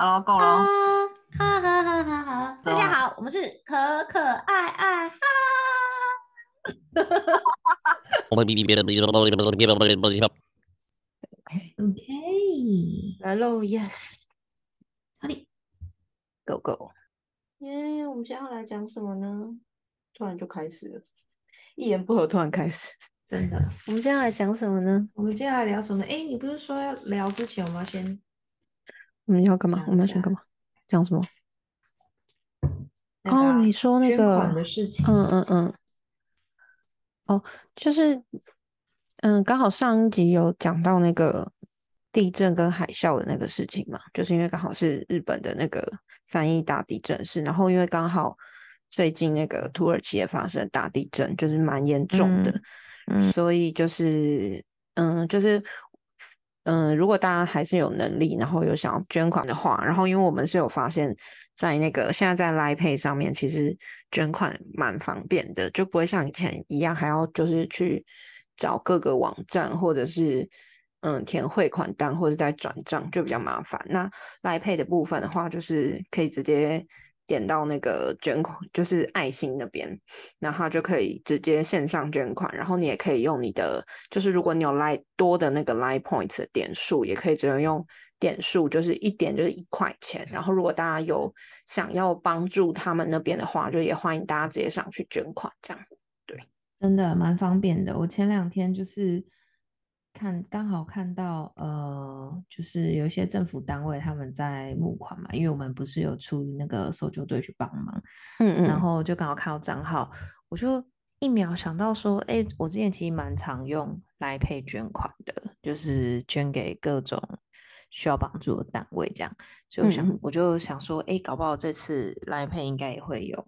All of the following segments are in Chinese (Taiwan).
Hello，狗龍，哈，哈哈哈哈哈，大家好，我們是可可愛愛，哈，哈哈哈哈哈哈。OK，Hello，yes，honey，go go。耶，我們接下來要來講什麼呢？突然就開始了，一言不合突然開始，真的， 我們接下來講什麼呢？我們接下來聊什麼？哎，你不是說要聊之前，我們要先。你、嗯、要幹嘛？我們要講幹嘛？講什麼？哦、那個啊，oh, 你說那個嗯嗯嗯，哦、嗯，嗯 oh, 就是嗯，剛好上一集有講到那個地震跟海嘯的那個事情嘛，就是因為剛好是日本的那個三一大地震是，然後因為剛好最近那個土耳其也發生大地震，就是蠻嚴重的、嗯，所以就是嗯，就是。嗯，如果大家還是有能力，然後有想要捐款的話，然後因為我們是有發現，在那個現在在 LINE Pay 上面，其實捐款蠻方便的，就不會像以前一樣還要就是去找各個網站或者是嗯填匯款單或者再轉賬，就比較麻煩。那 LINE Pay 的部分的話，就是可以直接。點到那個捐款就是愛心那邊，然後就可以直接線上捐款，然後你也可以用你的，就是如果你有來多的那個 Line Points 的點數，也可以只能用點數，就是一點就是一塊錢。然後如果大家有想要幫助他們那邊的話，就也歡迎大家直接上去捐款，這樣對，真的蠻方便的。我前兩天就是。看，剛好看到，呃，就是有一些政府單位他們在募款嘛，因為我們不是有出那個搜救隊去幫忙，嗯嗯，然後就剛好看到賬號，我就一秒想到說，哎、欸，我之前其實蠻常用 LINE Pay 捐款的，就是捐給各種需要幫助的單位這樣，所以我想、嗯，我就想說，哎、欸，搞不好這次 LINE Pay 應該也會有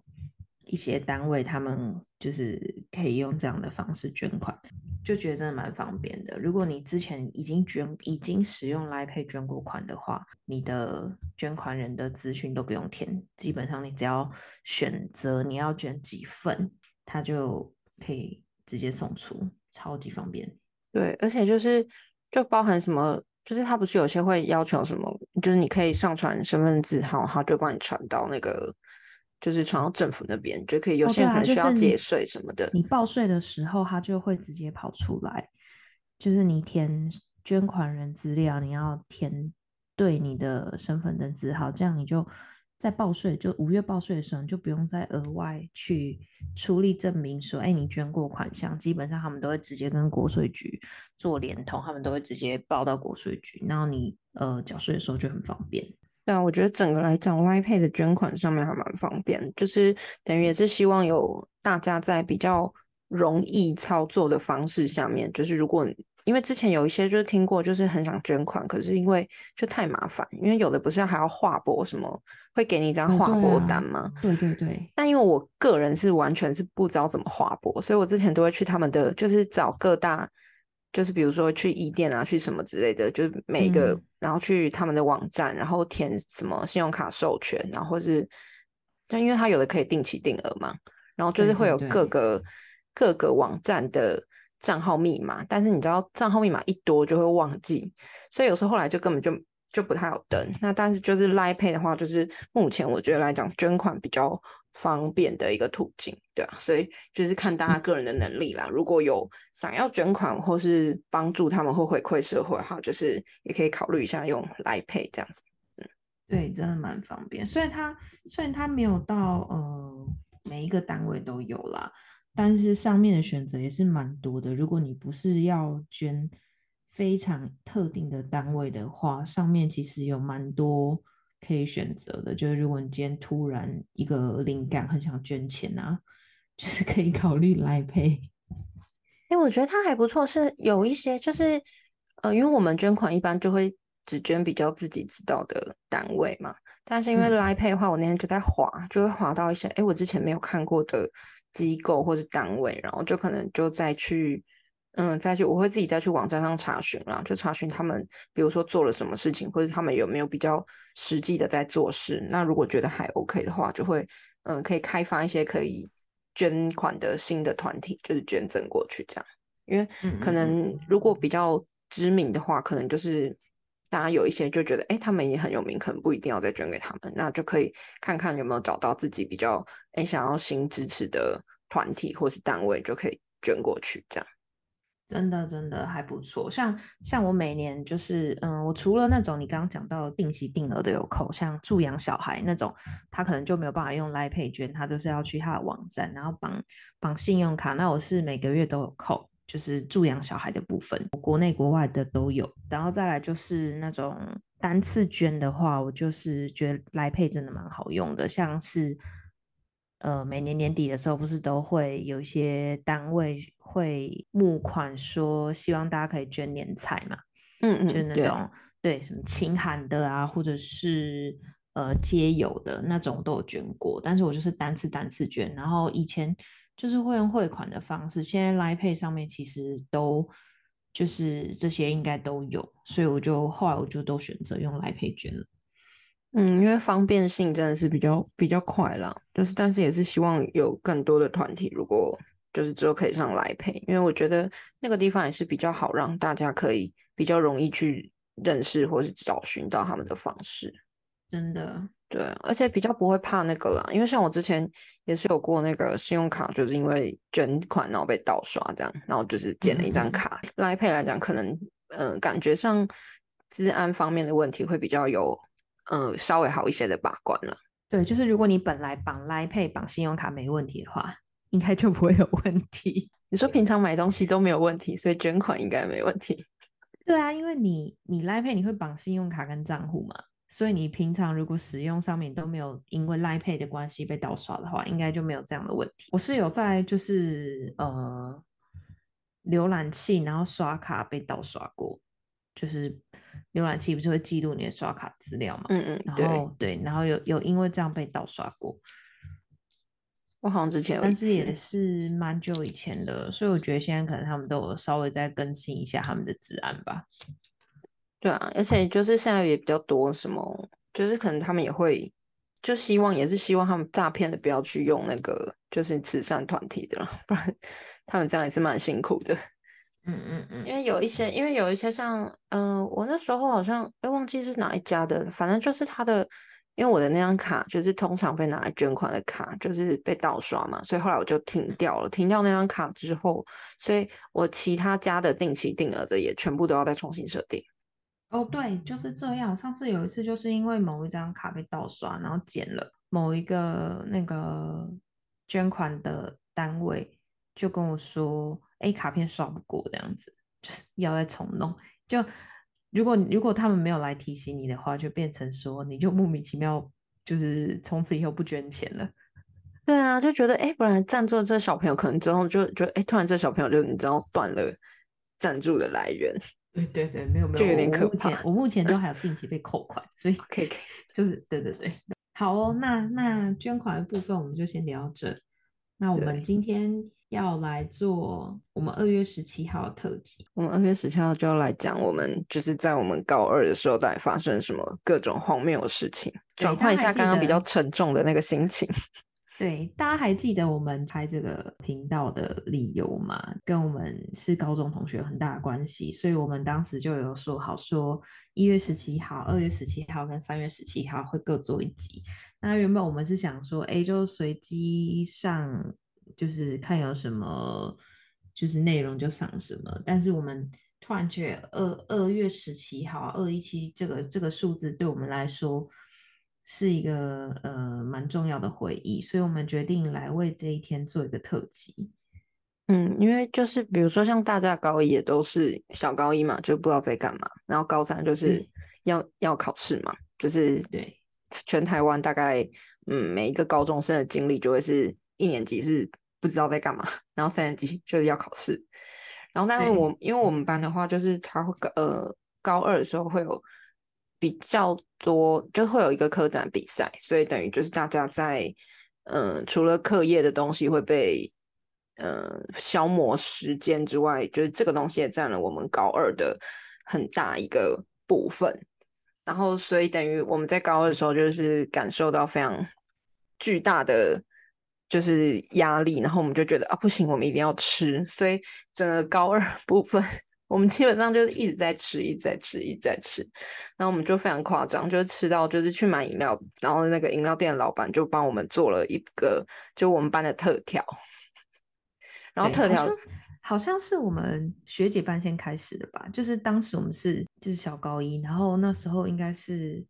一些單位他們、嗯。就是可以用這樣的方式捐款，就覺得真的蠻方便的。如果你之前已經捐、已經使用來配捐過款的話，你的捐款人的資訊都不用填，基本上你只要選擇你要捐幾份，他就可以直接送出，超級方便。對，而且就是就包含什麼，就是他不是有些會要求什麼，就是你可以上傳身份證號，他就幫你傳到那個。就是傳到政府那邊，就可以，有些還需要解稅什麼的。Oh, 啊，就是，你報稅的時候，他就會直接跑出來。就是你填捐款人資料，你要填對你的身份證字號，這樣你就在報稅，就五月報稅的時候，你就不用再額外去出力證明說，哎，你捐過款項。基本上他們都會直接跟國稅局做連通，他們都會直接報到國稅局，然後你呃繳稅的時候就很方便。對啊，我覺得整個來講外配的捐款上面還蠻方便，就是等於也是希望有大家在比較容易操作的方式下面，就是如果因為之前有一些就是聽過，就是很想捐款，可是因為就太麻煩，因為有的不是還要劃撥什麼，會給你一張劃撥單嗎？哦，對啊，對對對。但因為我個人是完全是不知道怎麼劃撥，所以我之前都會去他們的，就是找各大。就是比如說去一、e、店啊，去什麼之類的，就是每個、嗯，然後去他們的網站，然後填什麼信用卡授權，然後或是，就因為他有的可以定期定額嘛，然後就是會有各個嗯嗯各個網站的賬號密碼，但是你知道賬號密碼一多就會忘記，所以有時候後來就根本就就不太好登。那但是就是 Line Pay 的話，就是目前我覺得來講捐款比較。方便的一個途徑，對啊，所以就是看大家個人的能力啦。如果有想要捐款或是幫助他們或回饋社會，哈，就是也可以考慮一下用 Line Pay，這樣子。嗯，對，真的蠻方便。雖然它雖然它沒有到，呃，每一個單位都有啦，但是上面的選擇也是蠻多的。如果你不是要捐非常特定的單位的話，上面其實有蠻多。可以選擇的，就是如果你今天突然一個靈感，很想捐錢啊，就是可以考慮來配。哎、欸，我覺得它還不錯，是有一些就是，呃，因為我們捐款一般就會只捐比較自己知道的單位嘛，但是因為來配的話，嗯、我那天就在滑，就會滑到一些哎、欸、我之前沒有看過的機構或是單位，然後就可能就再去。嗯，再去我會自己再去網站上查詢啦，就查詢他們，比如說做了什麼事情，或者他們有沒有比較實際的在做事。那如果覺得還 OK 的話，就會嗯，可以開發一些可以捐款的新的團體，就是捐贈過去這樣。因為可能如果比較知名的話，嗯嗯嗯可能就是大家有一些就覺得，哎、欸，他們也很有名，可能不一定要再捐給他們。那就可以看看有沒有找到自己比較哎、欸、想要新支持的團體或是單位，就可以捐過去這樣。真的真的還不錯，像像我每年就是，嗯、呃，我除了那種你剛剛講到定期定額的有扣，像助養小孩那種，他可能就沒有辦法用來配捐，他就是要去他的網站，然後綁綁信用卡。那我是每個月都有扣，就是助養小孩的部分，國內國外的都有。然後再來就是那種單次捐的話，我就是覺得來配真的蠻好用的，像是。呃，每年年底的時候，不是都會有一些單位會募款，說希望大家可以捐年菜嘛。嗯嗯。就那種對，對什麼清寒的啊，或者是呃街友的那種都有捐過，但是我就是單次單次捐，然後以前就是會用匯款的方式，現在 Line Pay 上面其實都就是這些應該都有，所以我就後來我就都選擇用 Line Pay 捐了。嗯，因為方便性真的是比較比較快啦，就是但是也是希望有更多的團體，如果就是之後可以上來配，因為我覺得那個地方也是比較好，讓大家可以比較容易去認識或是找尋到他們的方式。真的對，而且比較不會怕那個啦，因為像我之前也是有過那個信用卡，就是因為捐款然後被盜刷這樣，然後就是剪了一張卡。嗯、來配來講，可能嗯、呃，感覺上治安方面的問題會比較有。嗯，稍微好一些的把關了。對，就是如果你本來綁 Line Pay，綁信用卡沒問題的話，應該就不會有問題。你說平常買東西都沒有問題，所以捐款應該沒問題。 對啊，因為你你 Line Pay 你會綁信用卡跟賬戶嘛，所以你平常如果使用上面都沒有因為 Line Pay 的關係被盜刷的話，應該就沒有這樣的問題。我是有在就是，呃，瀏覽器，然後刷卡被盜刷過。就是瀏覽器不是會記錄你的刷卡資料嘛？嗯嗯。對對，然後有有因為這樣被盜刷過，我好像之前，但是也是蠻久以前的，所以我覺得現在可能他們都有稍微再更新一下他們的資安吧。對啊，而且就是現在也比較多什麼，就是可能他們也會，就希望也是希望他們詐騙的不要去用那個，就是慈善團體的，不然他們這樣也是蠻辛苦的。嗯嗯嗯，因為有一些，因為有一些像，嗯、呃，我那時候好像哎、欸、忘記是哪一家的，反正就是他的，因為我的那張卡就是通常被拿來捐款的卡，就是被盜刷嘛，所以後來我就停掉了。停掉那張卡之後，所以我其他家的定期定額的也全部都要再重新設定。哦，對，就是這樣。上次有一次就是因為某一張卡被盜刷，然後減了某一個那個捐款的單位就跟我說。哎、欸，卡片刷不過這樣子，就是要再重弄。就如果如果，他們沒有來提醒你的話，就變成說你就莫名其妙，就是從此以後不捐錢了。對啊，就覺得哎，不然贊助這小朋友，可能之後就就哎、欸，突然這小朋友就你知道斷了贊助的來源。對對對，沒有沒有，就有點可怕，我目前我目前都還有定期被扣款， 所以可以可以，okay, okay. 就是對對對，好哦，那那捐款的部分我們就先聊到這。那我們今天。要來做我們二月十七號的特輯。我們二月十七號就要來講，我們就是在我們高二的時候到底發生什麼各種荒謬的事情，轉換一下剛剛比較沉重的那個心情。 對，大家還記得我們拍這個頻道的理由嗎？跟我們是高中同學有很大的關係，所以我們當時就有說好，說一月十七號、二月十七號跟三月十七號會各做一集。那原本我們是想說，哎、欸，就隨機上。就是看有什麼，就是內容就上什麼。但是我們突然覺得二二月十七號二一七這個這個數字對我們來說是一個呃蠻重要的回憶，所以我們決定來為這一天做一個特輯。嗯，因為就是比如說像大家高一也都是小高一嘛，就不知道在幹嘛。然後高三就是要、嗯、要考試嘛，就是對全台灣大概嗯每一個高中生的經歷就會是一年級是。不知道在幹嘛，然後三年級就是要考試，然後但是我、嗯、因為我們班的話，就是他會呃高二的時候會有比較多，就會有一個科展比賽，所以等於就是大家在嗯、呃、除了課業的東西會被嗯、呃、消磨時間之外，就是這個東西也佔了我們高二的很大一個部分，然後所以等於我們在高二的時候就是感受到非常巨大的。就是壓力，然後我們就覺得啊不行，我們一定要吃，所以整個高二部分，我們基本上就是一直在吃，一直在吃，一直在吃，然後我們就非常誇張，就是吃到就是去買飲料，然後那個飲料店的老闆就幫我們做了一個就我們班的特調，然後特調、欸、好、好像是我們學姐班先開始的吧，就是當時我們是就是小高一，然後那時候應該是。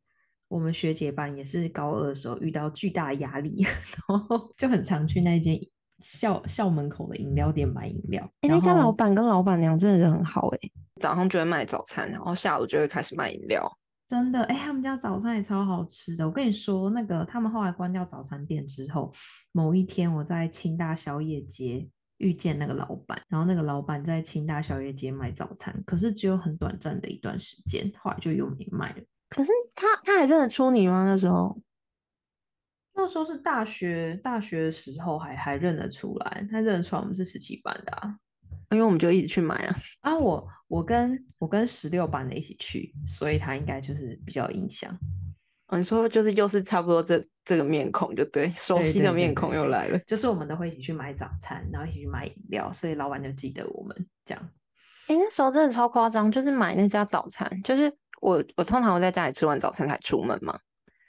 我們學姐班也是高二的時候遇到巨大壓力，然後就很常去那間校校門口的飲料店買飲料、欸。那家老闆跟老闆娘真的人很好、欸、早上就會賣早餐，然後下午就會開始賣飲料。真的哎、欸，他們家早餐也超好吃的。我跟你說，那個他們後來關掉早餐店之後，某一天我在清大宵夜街遇見那個老闆，然後那個老闆在清大宵夜街賣早餐，可是只有很短暫的一段時間，後來就又沒賣了。可是他他還認得出你嗎？那時候，那時候是大學大學的時候還，還還認得出來。他認得出來我們是十七班的啊，因、哎、為我們就一直去買啊。啊，我我跟我跟十六班的一起去，所以他應該就是比較有印象、哦。你說就是又是差不多這這個面孔，就對，熟悉的面孔又來了，對對對對。就是我們都會一起去買早餐，然後一起去買飲料，所以老板就記得我們這樣。哎、欸，那時候真的超誇張，就是買那家早餐就是。我我通常會在家裡吃完早餐才出門嘛，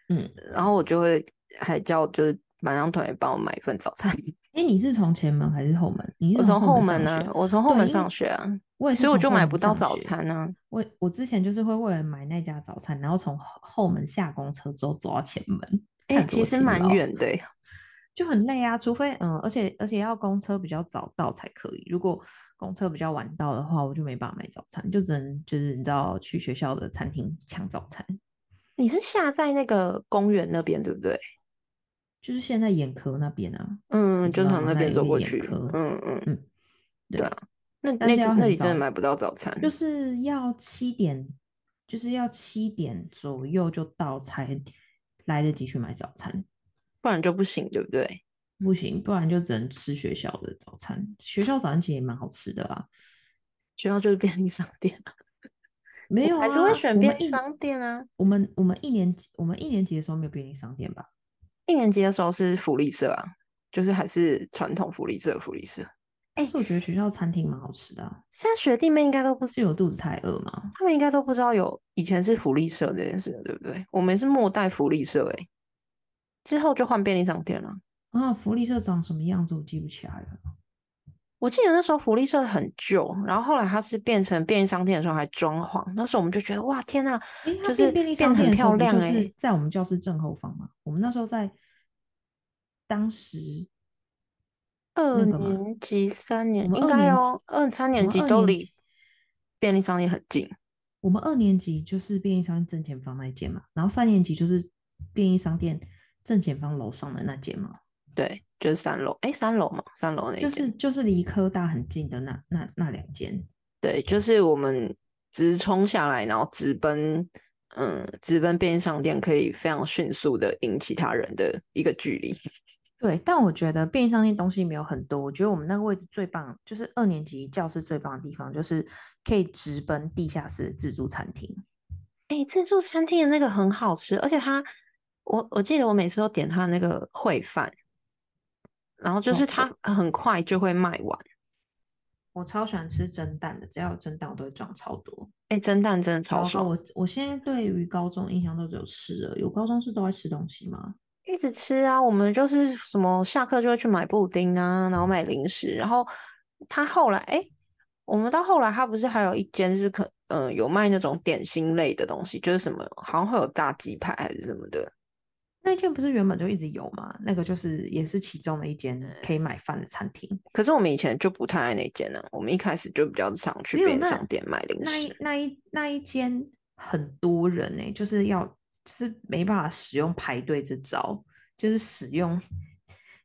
嗯，然後我就會還叫就是馬上同學幫我買一份早餐。哎，你是從前門還是後門？從後門，我從後門呢、啊啊，我從後門上學啊，我也所以我就買不到早餐呢、啊。我我之前就是會為了買那家早餐，然後從後門下公車之後走到前門，哎、欸，其實蠻遠的，就很累啊。除非嗯，而且而且要公車比較早到才可以。如果公車比較晚到的話，我就沒辦法買早餐，就只能就是你知道去學校的餐廳搶早餐。你是下在那個公園那邊對不對？就是現在眼科那邊啊。嗯嗯，就從那邊走過去。嗯嗯嗯。對啊，那那那裡真的買不到早餐。就是要七點，就是要七點左右就到才來得及去買早餐，不然就不行，對不對？不行，不然就只能吃學校的早餐。學校早餐其實也蠻好吃的啦，學校就是便利商店。沒有啊，還是會選便利商店啊。我們我們，我們一年級，我們一年級的時候沒有便利商店吧？一年級的時候是福利社啊，就是還是傳統福利社。福利社，哎，是我覺得學校餐廳蠻好吃的啊。現、欸、在學弟妹應該都不知道是有肚子太餓嗎？他們應該都不知道有以前是福利社這件事，對不對？我們是末代福利社哎、欸，之後就換便利商店了。啊，福利社長什麼樣子？我記不起來了。我記得那時候福利社很舊，然後後來它是變成便利商店的時候還裝潢。那時候我們就覺得哇，天吶、啊欸！就是變便利商店很漂亮。哎，在我們教室正後方嘛、欸。我們那時候在當時二年級、三年、年級應該要，二三年級都離便利商店很近。我們二年級就是便利商店正前方那間嘛，然後三年級就是便利商店正前方樓上的那間嘛。對，就是三樓，哎，三樓嘛，三樓那個，就是就是離科大很近的那那那兩間，對，就是我們直衝下來，然後直奔，嗯，直奔便利商店，可以非常迅速地引其他人的一個距離。對，但我覺得便利商店東西沒有很多，我覺得我們那個位置最棒，就是二年級教室最棒的地方，就是可以直奔地下室自助餐廳。哎，自助餐廳的那個很好吃，而且它，我我記得我每次都點它的那個燴飯。然後就是它很快就會賣完，哦。我超喜歡吃蒸蛋的，只要有蒸蛋我都會裝超多。哎、欸，蒸蛋真的超多。我我現在對於高中印象都只有吃的，有高中是都在吃東西嗎？一直吃啊，我們就是什麼下課就會去買布丁啊，然後買零食。然後他後來，哎、欸，我們到後來他不是還有一間是可嗯、呃、有賣那種點心類的東西，就是什麼好像會有炸雞排還是什麼的。那間不是原本就一直有嗎？那個就是也是其中的一間可以買飯的餐廳。可是我們以前就不太愛那間呢。我們一開始就比較常去便利商店買零食。那那，那一那一間很多人哎、欸，就是要、就是沒辦法使用排隊這招，就是使用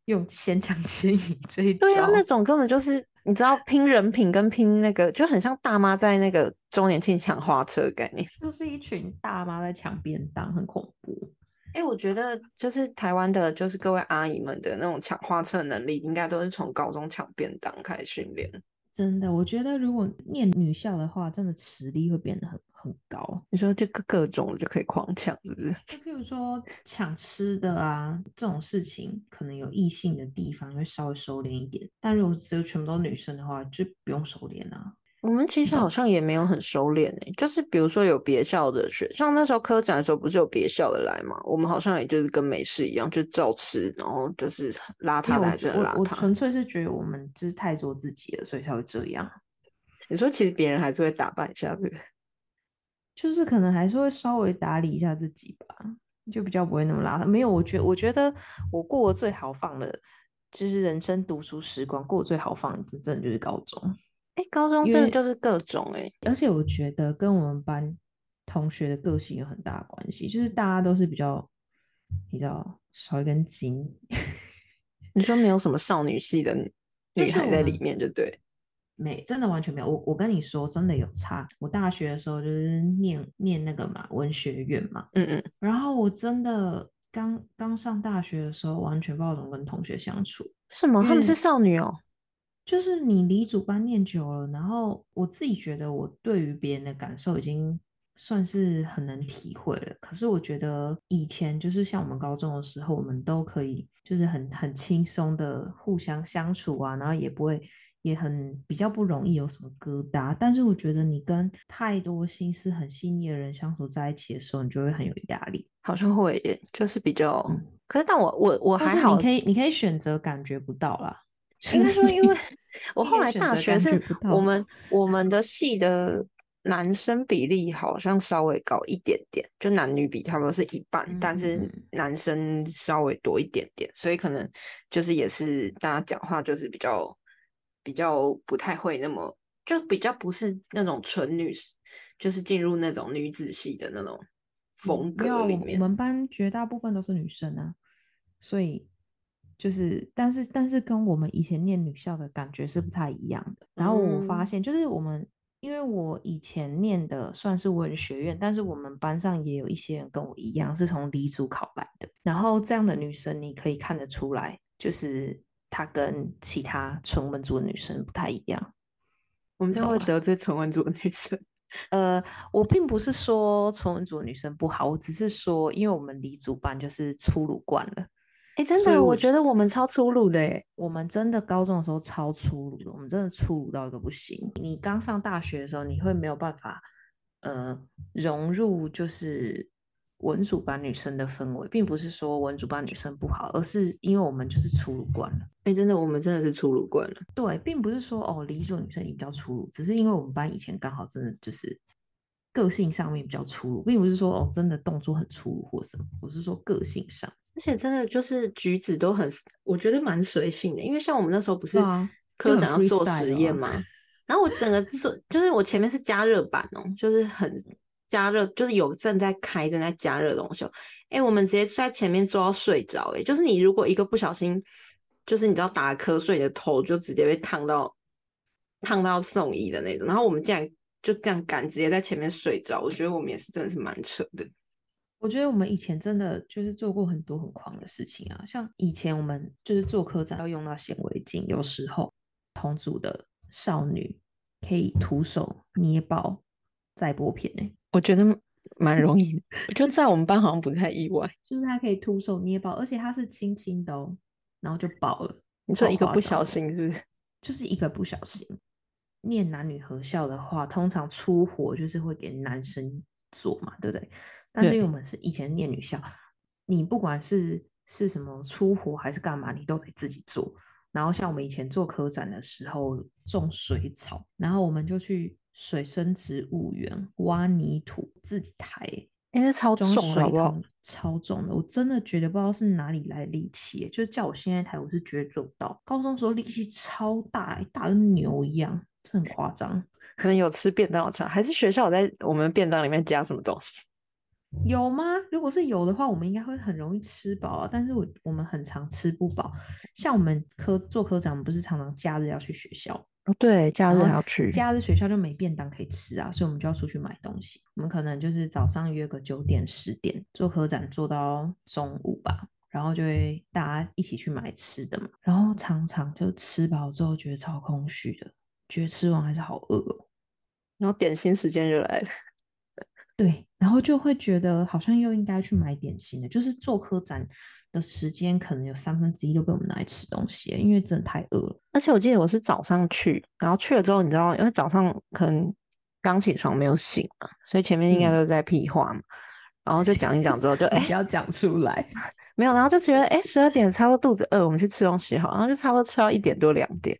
用先搶先贏這一招。對啊，那種根本就是你知道拼人品跟拼那個，就很像大媽在那個周年慶搶花車的概念，就是一群大媽在搶便當，很恐怖。哎，我覺得就是台灣的，就是各位阿姨們的那種搶花車能力，應該都是從高中搶便當開始訓練。真的，我覺得如果念女校的話，真的實力會變得很很高。你說這各各種就可以狂搶，是不是？就譬如說搶吃的啊，這種事情可能有異性的地方會稍微收斂一點，但如果只有全部都女生的話，就不用收斂啊。我們其實好像也沒有很收斂哎，就是比如說有別校的學，像那時候科展的時候不是有別校的來嘛，我們好像也就是跟沒事一樣，就照吃，然後就是邋遢的，還是邋遢。我純粹是覺得我們就是太做自己了，所以才會這樣。你說，其實別人還是會打扮一下。對，就是可能還是會稍微打理一下自己吧，就比較不會那麼邋遢。沒有，我覺我覺得我過得最豪放的，其實人生讀書時光過得最豪放的，真正就是高中。哎、欸，高中真的就是各種哎、欸，而且我覺得跟我們班同學的個性有很大的關係，就是大家都是比較比較少一根筋。你說 沒有什麼少女系的女孩在裡面，就對，沒，真的完全沒有。我我跟你說，真的有差。我大學的時候就是念念那個嘛文學院嘛，嗯嗯，然後我真的剛剛上大學的時候，完全不知道怎麼跟同學相處。什麼？他們是少女哦、喔？就是你離主觀念久了，然後我自己覺得我對於別人的感受已經算是很能體會了。可是我覺得以前就是像我們高中的時候，我們都可以就是很很輕鬆的互相相處啊，然後也不會也很比較不容易有什麼疙瘩。但是我覺得你跟太多心思很細膩的人相處在一起的時候，你就會很有壓力，好像會耶，就是比較。嗯，可是但我我我還好，但是你可以你可以選擇感覺不到啦。應 該說，因為我後來大學是我們 我們的系的男生比例好像稍微高一點點，就男女比差不多是一半，嗯、但是男生稍微多一點點，所以可能就是也是大家講話就是比較比較不太會那麼就比較不是那種純女，就是進入那種女子系的那種風格裡面。我們班絕大部分都是女生啊，所以。就是，但是但是跟我們以前念女校的感覺是不太一樣的。然後我發現，就是我們、嗯、因為我以前念的算是文學院，但是我們班上也有一些人跟我一樣是從理組考來的。然後這樣的女生，你可以看得出來，就是她跟其他純文組的女生不太一樣。我們就會得罪純文組的女生、哦。呃，我並不是說純文組的女生不好，我只是說，因為我們理組班就是粗魯慣了。哎、欸，真的，我覺得我們超粗魯的哎，我們真的高中的時候超粗魯的，我們真的粗魯到一個不行。你剛上大學的時候，你會沒有辦法，呃，融入就是文組班女生的氛圍，並不是說文組班女生不好，而是因為我們就是粗魯慣了。哎、欸，真的，我們真的是粗魯慣了。對，並不是說哦，理組女生也比較粗魯，只是因為我們班以前剛好真的就是個性上面比較粗魯，並不是說哦，真的動作很粗魯或什麼，我是說個性上。而且真的就是舉止都很，我覺得蠻隨性的。因為像我們那時候不是科展要做實驗嘛、喔，然後我整個做，就是我前面是加熱板哦、喔，就是很加熱，就是有正在開正在加熱的東西、喔。哎、欸，我們直接在前面坐到睡着，哎，就是你如果一個不小心，就是你知道打瞌睡的頭就直接被燙到，燙到送醫的那種。然後我們竟然就這樣敢直接在前面睡着，我覺得我們也是真的是蠻扯的。我覺得我們以前真的就是做過很多很狂的事情啊，像以前我們就是做科展要用到顯微鏡，有時候同組的少女可以徒手捏爆載玻片誒、欸，我覺得蠻容易的， 我覺得在我們班好像不太意外，就是她可以徒手捏爆，而且她是輕輕的哦，然後就爆了。你說一個不小心是不是？就是一個不小心。念男女合校的話，通常粗活就是會給男生做嘛，對不對？但是因為我們是以前念女校，你不管是是什麼粗活還是幹嘛，你都得自己做。然後像我們以前做科展的時候，種水草，然後我們就去水生植物園挖泥土自己抬，欸、那超重啊，超重的！我真的覺得不知道是哪裡來的力氣，就是叫我現在抬，我是絕對做不到。高中時候力氣超大，大跟牛一樣，這很誇張。可能有吃便當的吃，還是學校有在我們便當裡面加什麼東西？有嗎？如果是有的話，我們應該會很容易吃飽啊。但是我我們很常吃不飽，像我們科做科展，不是常常假日要去學校？對，假日還要去，假日學校就沒便當可以吃啊，所以我們就要出去買東西。我們可能就是早上約個九點十點做科展做到中午吧，然後就會大家一起去買吃的嘛。然後常常就吃飽之後覺得超空虛的，覺得吃完還是好餓哦。然後點心時間就來了，對。然後就會覺得好像又應該去買點心的，就是做科展的時間可能有三分之一都被我們拿來吃東西，因為真的太餓了。而且我記得我是早上去，然後去了之後，你知道，因為早上可能剛起床沒有醒嘛，所以前面應該都是在屁話嘛、嗯。然後就講一講之後就，就 哎不要講出來， 沒有，然後就覺得哎十二點差不多肚子餓，我們去吃東西好，然後就差不多吃到一點多兩點。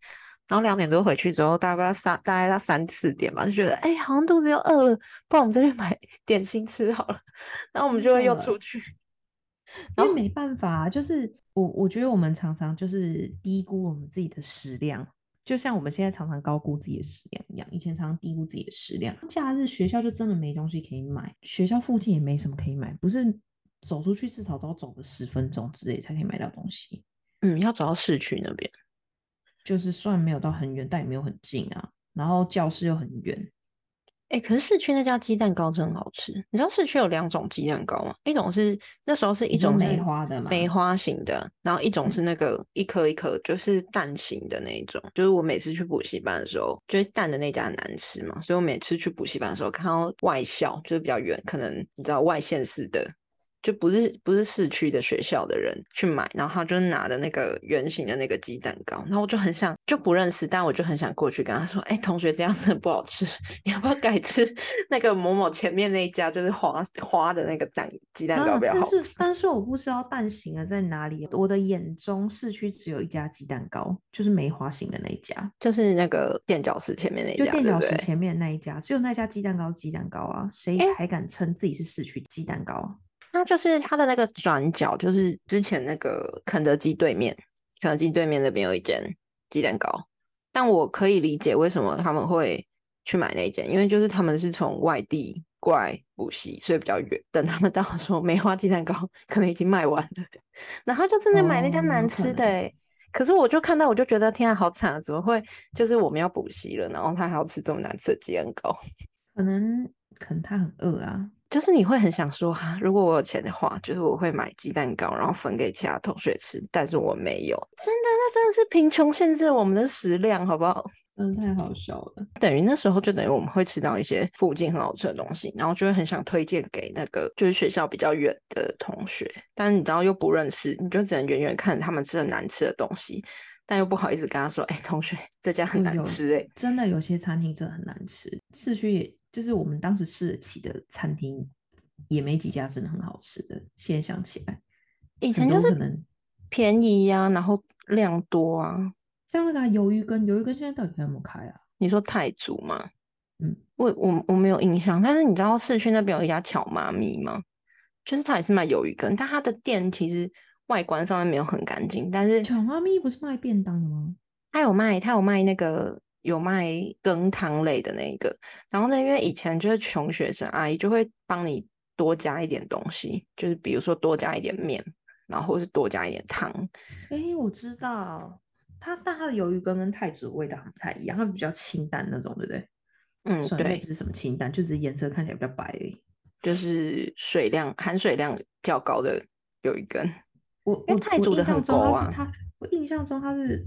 然後兩點多回去之後，大概要三大概到三四點吧，就覺得哎好像肚子又餓了，不然我們這邊買點心吃好了。然後我們就會又出去，然後因為沒辦法啊，就是我我覺得我們常常就是低估我們自己的食量，就像我們現在常常高估自己的食量一樣，以前常常低估自己的食量。假日學校就真的沒東西可以買，學校附近也沒什麼可以買，不是走出去至少都要走個十分鐘之類才可以買到東西。嗯，要走到市區那邊。就是算沒有到很遠，但也沒有很近啊。然後教室又很遠，哎、欸，可是市區那家雞蛋糕真的好吃。你知道市區有兩種雞蛋糕嗎？一種是那時候是一種是梅花的嘛，梅花型的，然後一種是那個、嗯、一顆一顆就是蛋形的那一種。就是我每次去補習班的時候，就是蛋的那家很難吃嘛，所以我每次去補習班的時候，看到外校就是比較遠，可能你知道外縣市的。就不是不是市區的學校的人去買，然後他就拿的那個圓形的那個雞蛋糕，然後我就很想就不認識，但我就很想過去跟他說：“哎、欸，同學，這樣子不好吃，你要不要改吃那個某某前面那一家，就是花花的那個蛋雞蛋糕，比較好吃？”啊、但是但是我不知道蛋形的在哪裡。我的眼中，市區只有一家雞蛋糕，就是梅花形的那一家，就是那個墊腳石前面那一家，墊腳石前，前面那一家，只有那家雞蛋糕，雞蛋糕啊，誰還敢稱自己是市區雞蛋糕啊？欸那就是他的那個轉角，就是之前那個肯德基對面，肯德基對面那邊有一間雞蛋糕。但我可以理解為什麼他們會去買那一間，因為就是他們是從外地過來補習，所以比較遠。等他們到的時候，梅花雞蛋糕可能已經賣完了，然後就正在那買那家難吃的、欸哦可。可是我就看到，我就覺得天啊，好慘啊！怎麼會就是我們要補習了，然後他還要吃這麼難吃的雞蛋糕？可能可能他很餓啊。就是你會很想說，如果我有錢的話，就是我會買雞蛋糕，然後分給其他同學吃。但是我沒有，真的，那真的是貧窮限制了我們的食量，好不好？嗯，太好笑了。等於那時候就等於我們會吃到一些附近很好吃的東西，然後就會很想推薦給那個就是學校比較遠的同學，但是你知道又不認識，你就只能遠遠看他們吃的難吃的東西，但又不好意思跟他說：“哎、欸，同學，這家很難吃、欸。”哎，真的，有些餐廳真的很難吃，市區也。就是我們當時吃得起的餐廳，也沒幾家真的很好吃的。現在想起來，以前就是便宜呀、啊，然後量多啊。像那個魷魚羹，魷魚羹現在到底還有沒有開啊？你說太祖嗎？嗯，我我我沒有印象。但是你知道市區那邊有一家巧媽咪嗎？就是他也是賣魷魚羹，但他的店其實外觀上面沒有很乾淨。但是巧媽咪不是賣便當的嗎？他有賣，他有賣那個。有賣羹湯類的那一個，然後呢，因為以前就是窮學生，阿姨就會幫你多加一點東西，就是比如說多加一點麵，然後或是多加一點湯。哎、欸，我知道，它，但它的魷魚羹跟太子味道很不太一樣，它比較清淡那種，對不對？嗯，對，不是什麼清淡，就是顏色看起來比較白，就是水量含水量較高的魷魚羹。我我，太子的很，啊、我印象中它是它，我印象中它是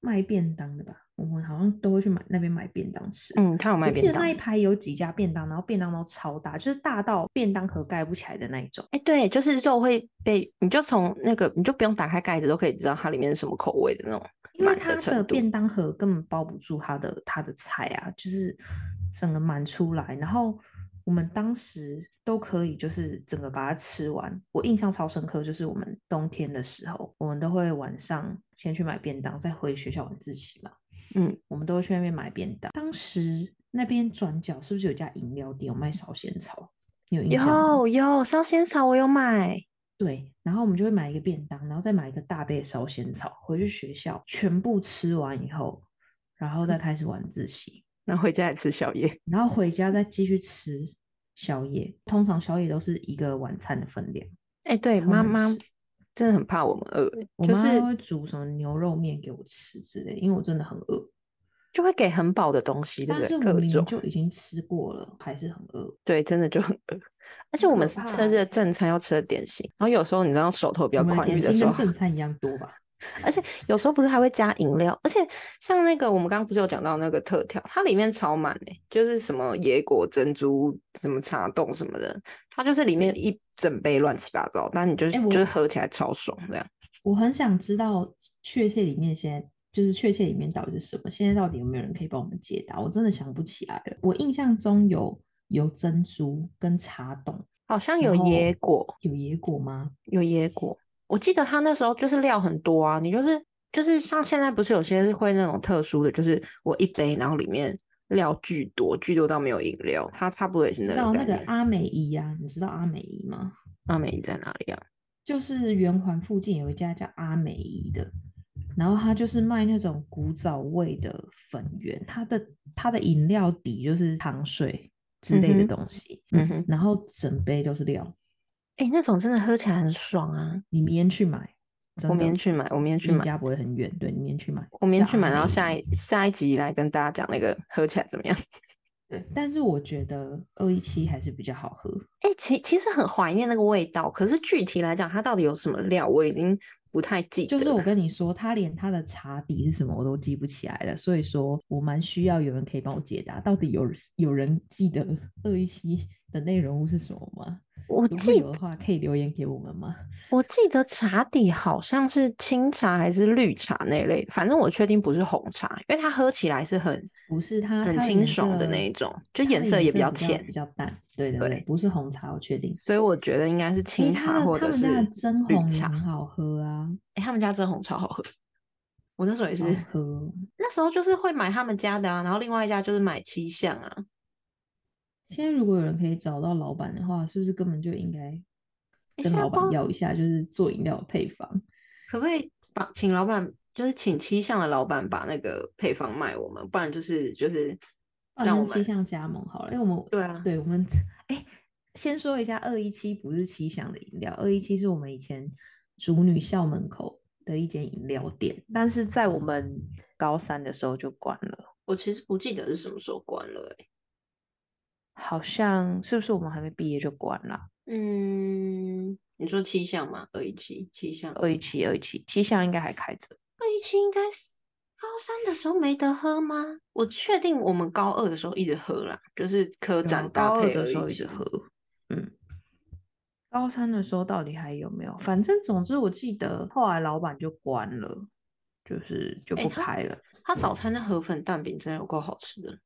賣便當的吧？我們好像都會去買那邊買便當吃。嗯，他有賣便當。記得那一排有幾家便當，然後便當都超大，就是大到便當盒蓋不起來的那一種。哎，對，就是就會被你就從那個你就不用打開蓋子都可以知道它裡面是什麼口味的那種的。因為它的便當盒根本包不住它的它的菜啊，就是整個滿出來。然後我們當時都可以就是整個把它吃完。我印象超深刻，就是我們冬天的時候，我們都會晚上先去買便當，再回學校晚自習嘛。嗯，我們都去那邊買便當。當時那邊轉角是不是有一家飲料店有賣燒仙草？有，有燒仙草，我有買。對，然後我們就會買一個便當，然後再買一個大杯燒仙草回去學校，全部吃完以後，然後再開始晚自習。那、嗯、回家再吃宵夜，然後回家再繼續吃宵夜、嗯。通常宵夜都是一個晚餐的分量。哎、欸，對，媽媽。媽媽真的很怕我們餓，就是，我媽會煮什麼牛肉麵給我吃之類，因為我真的很餓，就會給很飽的東西，對不對？各種就已經吃過了，還是很餓。對，真的就很餓，而且我們吃的正餐要吃的點心，然後有時候你知道手頭比較寬裕的時候，正餐一樣多吧。 而且有時候不是還會加飲料，而且像那個我們剛剛不是有講到那個特調，它裡面超滿哎、欸，就是什麼野果、珍珠、什麼茶凍什麼的，它就是裡面一整杯亂七八糟，但你就是、欸、就是喝起來超爽這樣。我很想知道確切裡面現在就是確切裡面到底是什麼，現在到底有沒有人可以幫我們解答？我真的想不起來了，我印象中有有珍珠跟茶凍，好像有野果，有野果嗎？有野果。我記得他那時候就是料很多啊，你就是就是像現在不是有些會那種特殊的，就是我一杯，然後裡面料巨多，巨多到沒有飲料。他差不多也是那知道、哦、那個阿美姨呀、啊，你知道阿美姨嗎？阿美姨在哪裡啊？就是圓環附近有一家叫阿美姨的，然後他就是賣那種古早味的粉圓，他的他的飲料底就是糖水之類的東西，嗯嗯嗯、然後整杯都是料。哎、欸，那種真的喝起來很爽啊！你明天去，去買，我明天去，去買，我明天去買。你家不會很遠，對，你明天去買，我明天去買，然後下一下一集來跟大家講那個喝起來怎麼樣。對，但是我覺得二一七還是比較好喝。哎、欸，其其實很懷念那個味道，可是具體來講，它到底有什麼料，我已經不太記得了。就是我跟你說，它連它的茶底是什麼我都記不起來了，所以說我蠻需要有人可以幫我解答，到底有有人記得二一七的內容物是什麼嗎？我記得的話，可以留言給我們嗎？我記得茶底好像是清茶還是綠茶那一類，反正我確定不是紅茶，因為它喝起來是很不是它很清爽的那一種，一就顏色也比較淺、比較淡。對，對對對，不是紅茶，我確定。所以我覺得應該是清茶，或者是他、啊。他們家真紅茶好喝啊！哎，他們家真紅茶好喝。 我那時候也是喝，那時候就是會買他們家的啊，然後另外一家就是買柒巷啊。現在如果有人可以找到老板的話，是不是根本就應該跟老板要一下？就是做飲料的配方、欸，可不可以把請老板，就是請柒巷的老板把那個配方賣我們？不然就是就是讓我們、啊、柒巷加盟好了、欸，因為我們對啊，對我們哎、欸，先說一下二一七不是柒巷的飲料，二一七是我們以前竹女校門口的一間飲料店，但是在我們高三的時候就關了。我其實不記得是什麼時候關了、欸好像是不是我們還沒畢業就關了、啊？嗯，你說柒巷嗎？二一七柒巷，嗯，二一七二一七柒巷應該還開着。二一七應該是高三的時候沒得喝嗎？我確定我們高二的時候一直喝啦，就是科展，嗯，高二的時候一直喝。嗯，高三的時候到底還有沒有？反正總之我記得後來老闆就關了，就是就不開了。欸，他，他早餐的河粉蛋餅真的有夠好吃的。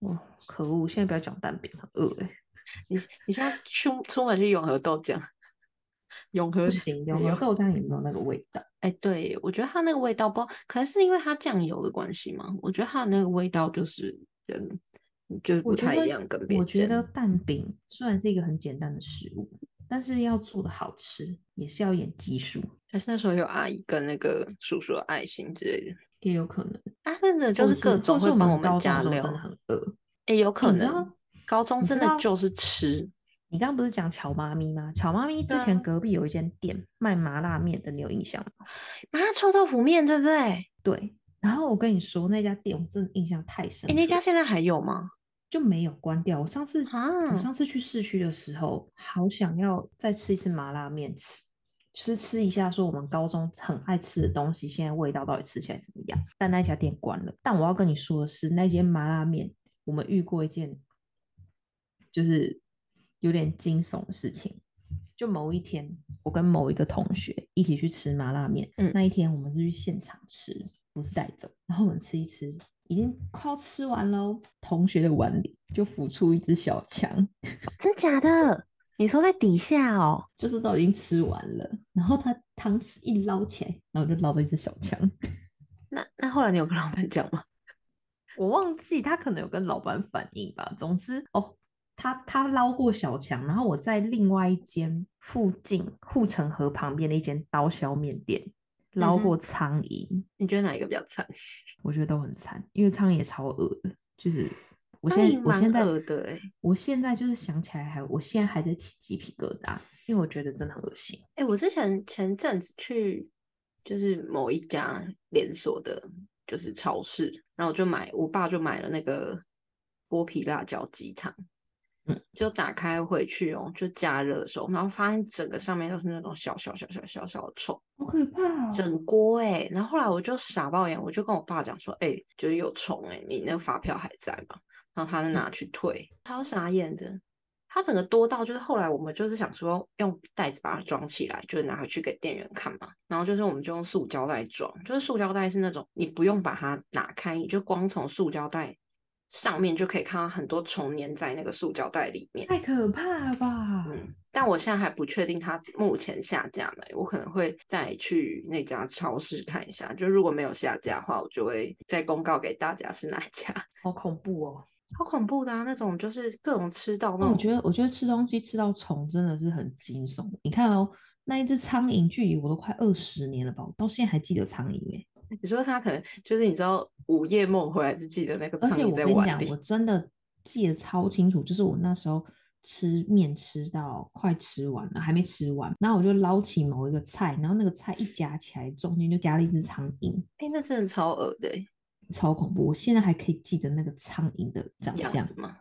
哦，可惡！現在不要講蛋餅，很餓哎。你你現在出出門去永和豆漿，永和型永和豆漿也沒有那個味道？哎、欸，對我覺得它那個味道不，可能是因為它醬油的關係嘛。我覺得它的那個味道就是跟，嗯、就是不太一樣跟別家。我覺得蛋餅雖然是一個很簡單的食物，但是要做的好吃也是要演技術。但是那時候有阿姨跟那個叔叔的愛心之類的。也有可能，阿、啊、真的就是各種會幫我們加料，真的很餓。哎，有可能，高中真的就是吃。你剛剛不是講巧媽咪嗎？巧媽咪之前隔壁有一間店，啊、賣麻辣麵的，你有印象嗎？麻辣臭豆腐麵，對不對？對。然後我跟你說那家店，我真的印象太深。哎、欸，那家現在還有嗎？就沒有關掉。我上次啊，我上次去市區的時候，好想要再吃一次麻辣麵吃。吃、就是、吃一下，說我們高中很愛吃的東西，現在味道到底吃起來怎麼樣？但那家店關了。但我要跟你說的是，那間麻辣麵，我們遇過一件就是有點驚悚的事情。就某一天，我跟某一個同學一起去吃麻辣麵。嗯，那一天我們是去現場吃，不是帶走。然後我們吃一吃，已經快要吃完嘍。同學的碗裡就浮出一隻小強，真假的？你說在底下哦，就是都已經吃完了，然後他湯匙一撈起來，然後就撈到一隻小強。那那後來你有跟老闆講嗎？我忘記他可能有跟老闆反映吧。總之哦，他他撈過小強，然後我在另外一間附近護城河旁邊的一間刀削麵店、嗯、撈過蒼蠅。你覺得哪一個比較慘？我覺得都很慘，因為蒼蠅也超惡的，就是。聲音蠻惡的哎、欸！我現在，我現在就是想起來還，我現在還在起雞皮疙瘩，因為我覺得真的很噁心。哎、欸，我之前前陣子去就是某一家連鎖的，就是超市，然後我就買，我爸就買了那個剝皮辣椒雞湯，嗯，就打開回去哦、喔，就加熱的時候，然後發現整個上面都是那種小小小小小小的蟲，好可怕、哦、整鍋哎、欸！然後後來我就傻爆眼，我就跟我爸講說，哎、欸，就是有蟲哎、欸，你那個發票還在嗎？然後他就拿去退，嗯，超傻眼的。他整個多到，就是後來我們就是想說用袋子把它裝起來，就拿回去給店員看嘛。然後就是我們就用塑膠袋裝，就是塑膠袋是那種你不用把它拿開，你就光從塑膠袋上面就可以看到很多蟲粘在那個塑膠袋裡面，太可怕了吧？嗯，但我現在還不確定它目前下架沒，我可能會再去那家超市看一下。就如果沒有下架的話，我就會再公告給大家是哪家。好恐怖哦！好恐怖的、啊、那種，就是各種吃到那種、嗯。我覺得，我覺得吃東西吃到蟲真的是很驚悚。你看哦，那一只蒼蠅，距離我都快二十年了，吧，我到現在還記得蒼蠅、欸、你說他可能就是你知道，午夜夢回還是記得那個蒼蠅在碗裡。而且我跟你講，我真的記得超清楚，就是我那時候吃麵吃到快吃完了，還沒吃完，然後我就撈起某一個菜，然後那個菜一夾起來，中間就夾了一只蒼蠅。哎、欸，那真的超噁的、欸。超恐怖！我現在還可以記得那個蒼蠅的長相這樣子嗎？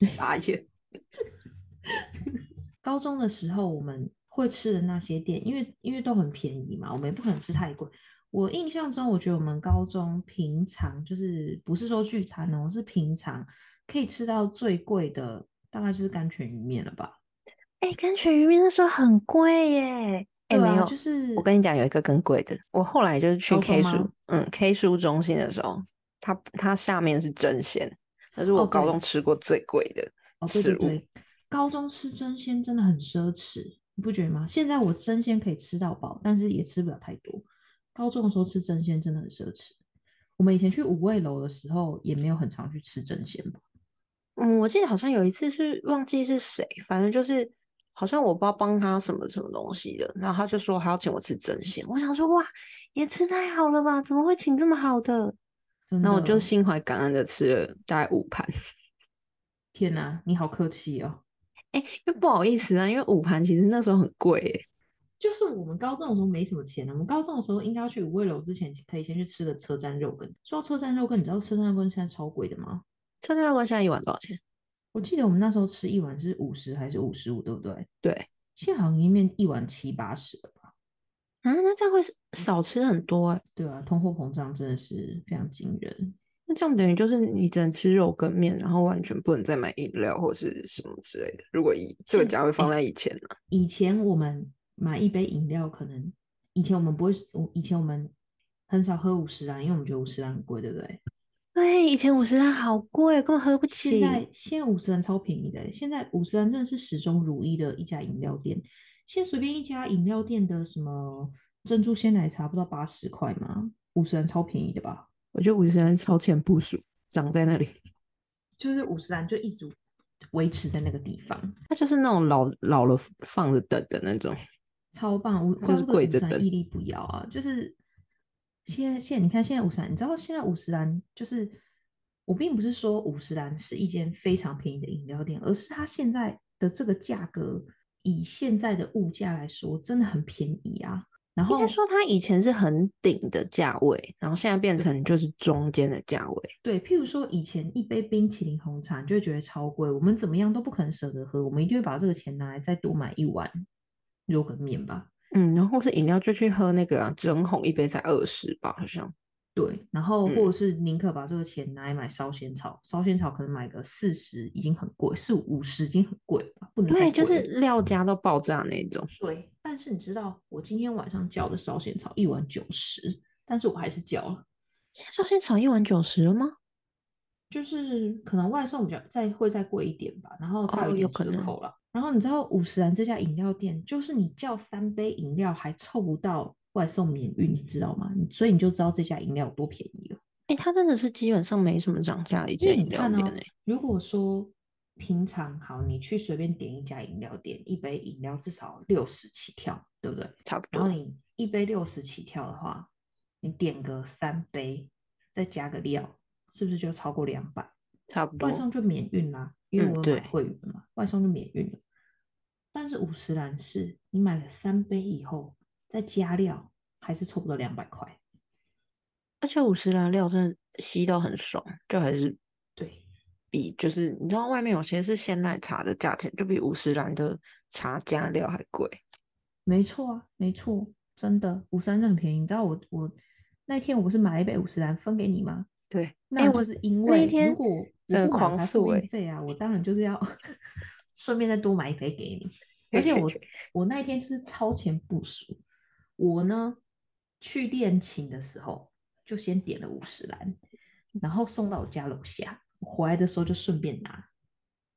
傻眼。 高中的時候我們會吃的那些店，因為因為都很便宜嘛，我們也不可能吃太貴。我印象中，我覺得我們高中平常就是不是說聚餐哦，我是平常可以吃到最貴的，大概就是甘泉魚麵了吧？哎，甘泉魚麵那時候很貴耶！哎，沒有，就是我跟你講有一個更貴的，我後來就是去 K 書，嗯，K 書中心的時候。它它下面是爭鮮，那是我高中吃過最貴的食物。哦、okay. oh, 對對對，高中吃爭鮮真的很奢侈，你不覺得嗎？現在我爭鮮可以吃到飽，但是也吃不了太多。高中的時候吃爭鮮真的很奢侈。我們以前去五味樓的時候也沒有很常去吃爭鮮吧？嗯，我記得好像有一次是忘記是誰，反正就是好像我爸幫他什麼什麼東西的，然後他就說還要請我吃爭鮮。我想說哇，也吃太好了吧？怎麼會請這麼好的？那我就心懷感恩的吃了大概五盤。天哪、啊，你好客氣哦！哎、欸，那不好意思啊，因為五盤其實那時候很貴。就是我們高中的時候沒什麼錢、啊，我們高中的時候應該要去五味樓之前可以先去吃個車站肉羹。說到車站肉羹，你知道車站肉羹現在超貴的嗎？車站肉羹現在一碗多少錢？我記得我們那時候吃一碗是五十還是五十五，對不對？對，現在好像一碗一碗七八十了。啊，那這樣會少吃很多哎、欸，對啊，通貨膨脹真的是非常驚人。那這樣等於就是你只能吃肉跟麵，然後完全不能再買飲料或是什麼之類的。如果以這個價位放在以前呢、欸？以前我們買一杯飲料，可能以前我們不會，以前我們很少喝五十嵐，因為我們覺得五十嵐很貴，對不對？對，以前五十嵐好貴，根本喝不起。現在現在五十嵐超便宜的、欸，現在五十嵐真的是始終如一的一家飲料店。現在隨便一家飲料店的什麼珍珠鮮奶茶不到八十塊嗎？五十嵐超便宜的吧？我覺得五十嵐超前部署，長在那裡，就是五十嵐就一直維持在那個地方。它就是那種老老了放着等的那種，超棒！五十的毅力不要啊！就是現在現在你看現在五十嵐，你知道現在五十嵐就是我並不是說五十嵐是一間非常便宜的飲料店，而是它現在的這個價格。以現在的物價來說，真的很便宜啊。然後應該說它以前是很頂的價位，然後現在變成就是中間的價位對。對，譬如說以前一杯冰淇淋紅茶，你就會覺得超貴。我們怎麼樣都不可能捨得喝，我們一定會把這個錢拿來再多買一碗肉跟麵吧。嗯，然後是飲料就去喝那個啊，整紅一杯才二十吧，好像。對，然後或者是寧可把這個錢拿來買燒仙草，燒仙草，嗯，可能買個四十已經很貴，四五,五十已經很貴了，不能太貴了。對，就是料加到爆炸那種。對，但是你知道我今天晚上叫的燒仙草一碗九十，但是我還是叫了。燒仙草一碗九十了嗎？就是可能外送比較再會再貴一點吧，然後它有點折扣了。然後你知道五十嵐這家飲料店，就是你叫三杯飲料還湊不到外送免運，你知道嗎？所以你就知道這家飲料有多便宜了。哎、欸欸欸，它真的是基本上沒什麼漲價的一家飲料店欸，如果說平常好，你去隨便點一家飲料店，一杯飲料至少六十起跳，對不對？差不多。然後你一杯六十起跳的話，你點個三杯，再加個料，是不是就超過兩百？差不多。外送就免運啦，啊，因為我買會員嘛，嗯、外送就免運了。但是五十嵐是，你買了三杯以後再加料。還是差不多兩百塊，而且五十嵐料真的吸到很爽，就還是對，比就是你知道外面有些是鮮奶茶的價錢，就比五十嵐的茶加料還貴。沒錯啊，沒錯，真的五十嵐很便宜。你知道我我那一天我不是買了一杯五十嵐分給你嗎？對，那我、欸、我是因為那一天如果我瘋、啊這個、狂付運費啊，我當然就是要順 便再多買一杯給你。而且我確確我那一天是超前部署，我呢。去練琴的時候，就先點了五十嵐，嗯，然後送到我家樓下。回來的時候就順便拿，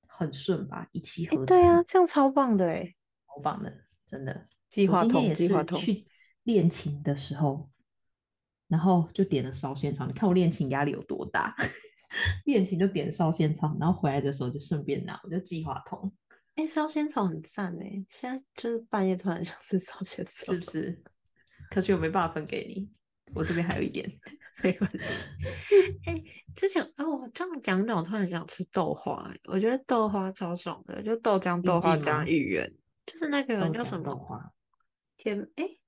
很順吧，一氣呵成。欸、對啊，這樣超棒的欸。超棒的，真的。計劃通。我今天也是去練琴的時候，然後就點了燒仙草。你看我練琴壓力有多大？ 練琴就點燒仙草，然後回來的時候就順便拿，我就計劃通。哎，欸，燒仙草很讚欸，現在就是半夜突然想吃燒仙草，是不是？可是我沒辦法分給你，我這邊還有一點 沒，沒關係。哎，之前哎，我、哦、這樣講到，我突然想吃豆花、欸，我覺得豆花超爽的，就豆漿、豆花、加芋圓，就是那個叫什麼？豆，豆花。甜哎、欸，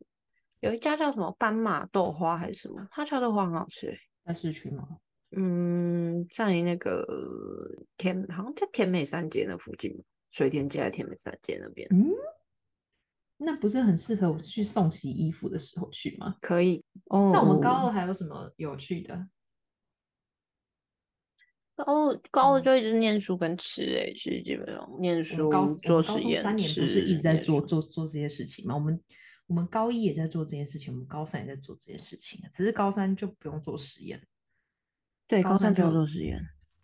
有一家叫什麼斑馬豆花還是什麼？他家豆花很好吃、欸，在市區嗎？嗯，在那個甜，好像在甜美三街那附近，水田街在甜美三街那邊。嗯。那不是很適合我去送洗衣服的時候去嗎？可以哦。Oh, 那我們高二還有什麼有趣的？高高二就一直念書跟吃誒、欸嗯，其實基本上念書做實驗，我高三年不是一直在做做做,做,做,做這些事情嗎？我們我們高一也在做這件事情，我們高三也在做這件事情，只是高三就不用做實驗。對，高三不用做實驗，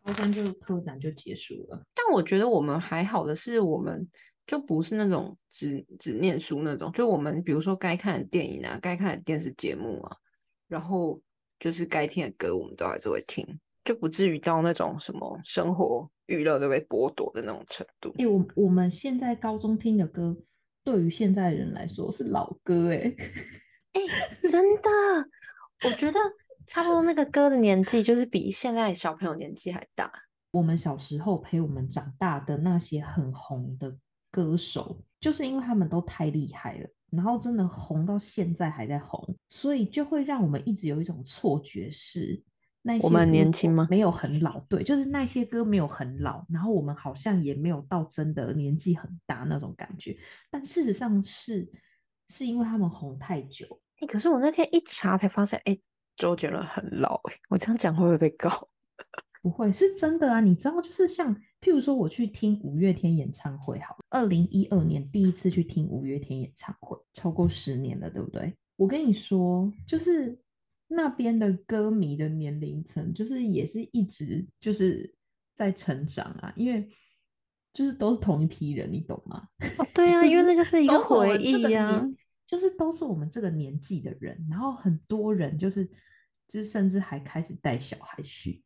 高三就科展就,就結束了。但我覺得我們還好的是，我們。就不是那種只只念書那種，就我們比如說該看的電影啊，該看的電視節目啊，然後就是該聽的歌，我們都還是會聽，就不至於到那種什麼生活娛樂都被剝奪的那種程度。哎、欸，我我們現在高中聽的歌，對於現在人來說是老歌、欸，哎、欸、哎，真的， 我覺得差不多那個歌的年紀，就是比現在小朋友年紀還大。我們小時候陪我們長大的那些很紅的歌。歌手就是因為他們都太厲害了，然後真的紅到現在還在紅，所以就會讓我們一直有一種錯覺是那些我們年輕嗎？沒有很老很，對，就是那些歌沒有很老，然後我們好像也沒有到真的年紀很大那種感覺。但事實上是是因為他們紅太久、欸。可是我那天一查才發現，哎、欸，周杰倫很老，我這樣講會不會被告？不會，是真的啊。你知道，就是像。譬如說，我去聽五月天演唱會。好，好，二零一二年第一次去聽五月天演唱會，超過十年了，對不對？我跟你說，就是那邊的歌迷的年齡層，就是也是一直就是在成長啊，因為就是都是同一批人，你懂嗎？哦，對啊， 因為那就是一個回憶啊，是就是都是我們這個年紀的人，然後很多人就是就是甚至還開始帶小孩去。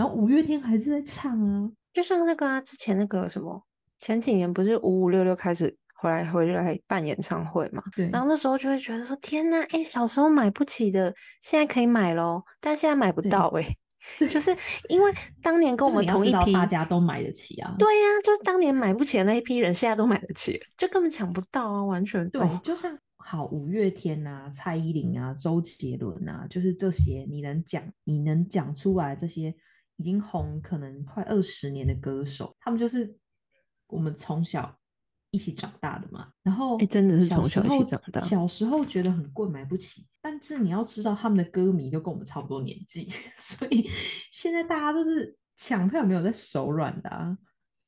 然後五月天還是在唱啊，就像那個啊，之前那個什麼，前幾年不是五五六六開始回來回來辦演唱會嘛？對。然後那時候就會覺得說，天哪，哎、欸，小時候買不起的，現在可以買咯，但現在買不到哎、欸，就是因為當年跟我們同一批，就是、大家都買得起啊。對呀、啊，就是當年買不起的那一批人，現在都買得起了，就根本搶不到啊，完全對、哦。就像好五月天吶、啊、蔡依林啊、周杰倫啊，就是這些，你能講，你能講出來這些。已經紅可能快二十年的歌手，他們就是我們從小一起長大的嘛。然後、欸、真的是從小一起長大。小時候覺得很貴，買不起，但是你要知道他們的歌迷都跟我們差不多年紀，所以現在大家都是搶票沒有在手軟的，啊。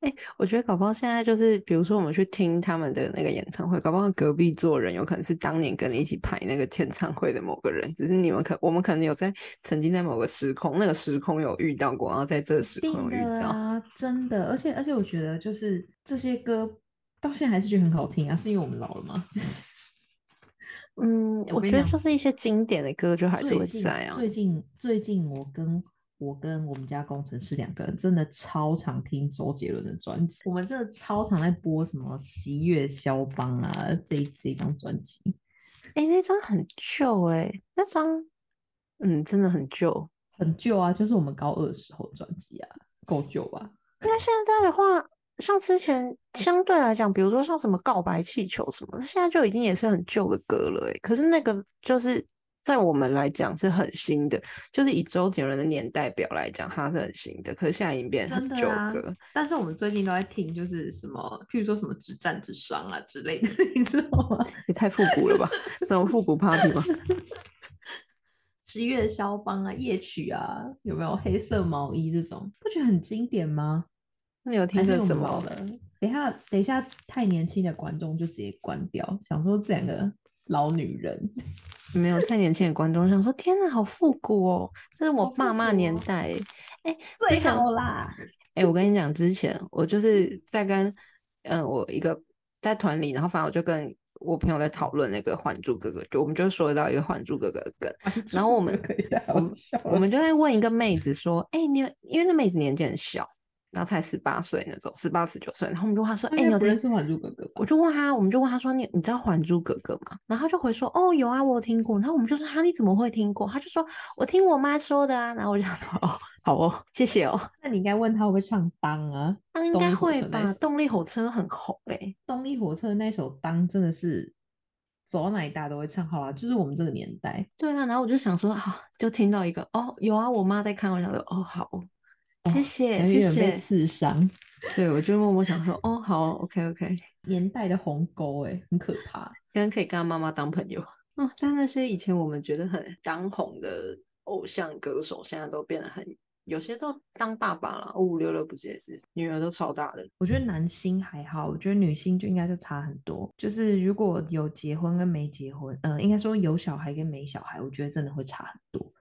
哎、欸，我覺得搞不好現在就是，比如說我們去聽他們的那個演唱會，搞不好隔壁坐人有可能是當年跟你一起排那個簽唱會的某個人，只是你們可我們可能有在曾經在某個時空那個時空有遇到過，然後在這時空有遇到。啊，真的。而且而且，我覺得就是這些歌到現在還是覺得很好聽啊，是因為我們老了嗎？就是， 嗯我，我覺得就是一些經典的歌就還是會在、啊。最近最近，最近我跟。我跟我們家工程師兩個人真的超常聽周杰倫的專輯，我們真的超常在播什麼《十一月蕭邦》啊，這這張專輯，哎、欸，那張很舊哎、欸，那張，嗯，真的很舊，很舊啊，就是我們高二的時候專輯啊，夠舊吧？那現在的話，像之前相對來講，比如說像什麼《告白氣球》什麼，現在就已經也是很舊的歌了哎、欸，可是那個就是。在我們來講是很新的，就是以周杰倫的年代表來講，他是很新的。可是現在已經變成舊歌。但是我們最近都在聽，就是什麼，譬如說什麼《止戰之殤》啊之類的，你知道嗎？也、欸、太復古了吧！ 什麼復古 party 吧？七 月肖邦啊，夜曲啊，有沒有？黑色毛衣這種，不覺得很經典嗎？那你有聽着什麼？等一下，等一下，太年輕的觀眾就直接關掉。想說這兩個老女人。沒有太年輕的觀眾想說，天哪，好複古哦，這是我爸媽年代。哎、哦欸，最我啦！哎、欸，我跟你講，之前我就是在跟嗯，我一個在團裡，然後反正我就跟我朋友在討論那個《還珠格格》，就我們就說到一個還哥哥《還珠格格》梗，然後我們我們我們就在問一個妹子說，哎、欸，你因為那妹子年紀很小。然後才十八歲那種，十八十九歲，然後我們就問他說，哎，有聽是《還珠格格》欸。我就問他，我們就問他說，說你你知道《還珠格格》嗎？然後他就回說，哦，有啊，我有聽過。然後我們就說，哈，你怎麼會聽過？他就說我聽我媽說的啊。然後我就想，哦，好哦，謝謝哦。那你應該問他會不會唱《當》啊？他應該會吧，動《動力火車》很紅誒，《動力火車》那首《當》真的是走到哪大家都會唱。好啦、啊。就是我們這個年代。對啊，然後我就想說，啊，就聽到一個，哦，有啊，我媽在看我聊的，哦，好哦。謝、哦、謝謝謝。有點被刺傷，謝謝。對我就默默想說， 哦好，OK OK。年代的鴻溝，哎，很可怕。剛剛可以跟他媽媽當朋友，哦、嗯，但那些以前我們覺得很當紅的偶像歌手，現在都變得很，有些都當爸爸了，五六六不解釋，女兒都超大的。我覺得男星還好，我覺得女星就應該就差很多。就是如果有結婚跟沒結婚，呃，應該說有小孩跟沒小孩，我覺得真的會差很多。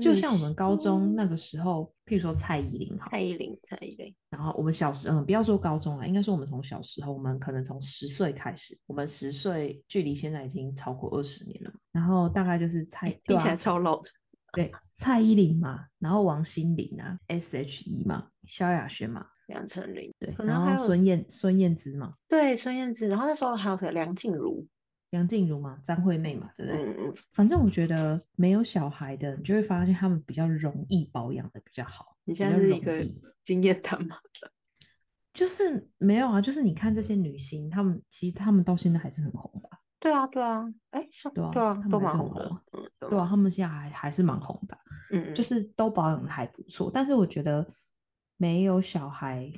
就像我們高中那個時候，嗯、譬如說蔡依林哈，蔡依林，蔡依林。然後我們小時候，嗯，不要說高中了，應該說我們從小時候，我們可能從十歲開始，我們十歲距離現在已經超過二十年了嘛。然後大概就是蔡，比、欸、起來超老。對，蔡依林嘛，然後王心凌啊，S.H.E 嘛，蕭亞軒嘛，楊丞琳，對，然後孫燕，孫燕姿嘛，對，孫燕姿。然後那時候還有誰？梁靜茹。梁靜茹嘛，張惠妹嘛，對不對、嗯？反正我覺得沒有小孩的，你就會發現他們比較容易保養的比較好。你現在是一個經驗他嘛，就是沒有啊，就是你看這些女星，他們其實他們到現在還是很紅的。對啊，對啊，哎、欸，對啊，對啊，們很對啊都蠻紅的。對啊，他們現在還還是蠻紅的、嗯。就是都保養的還不錯、嗯，但是我覺得沒有小孩，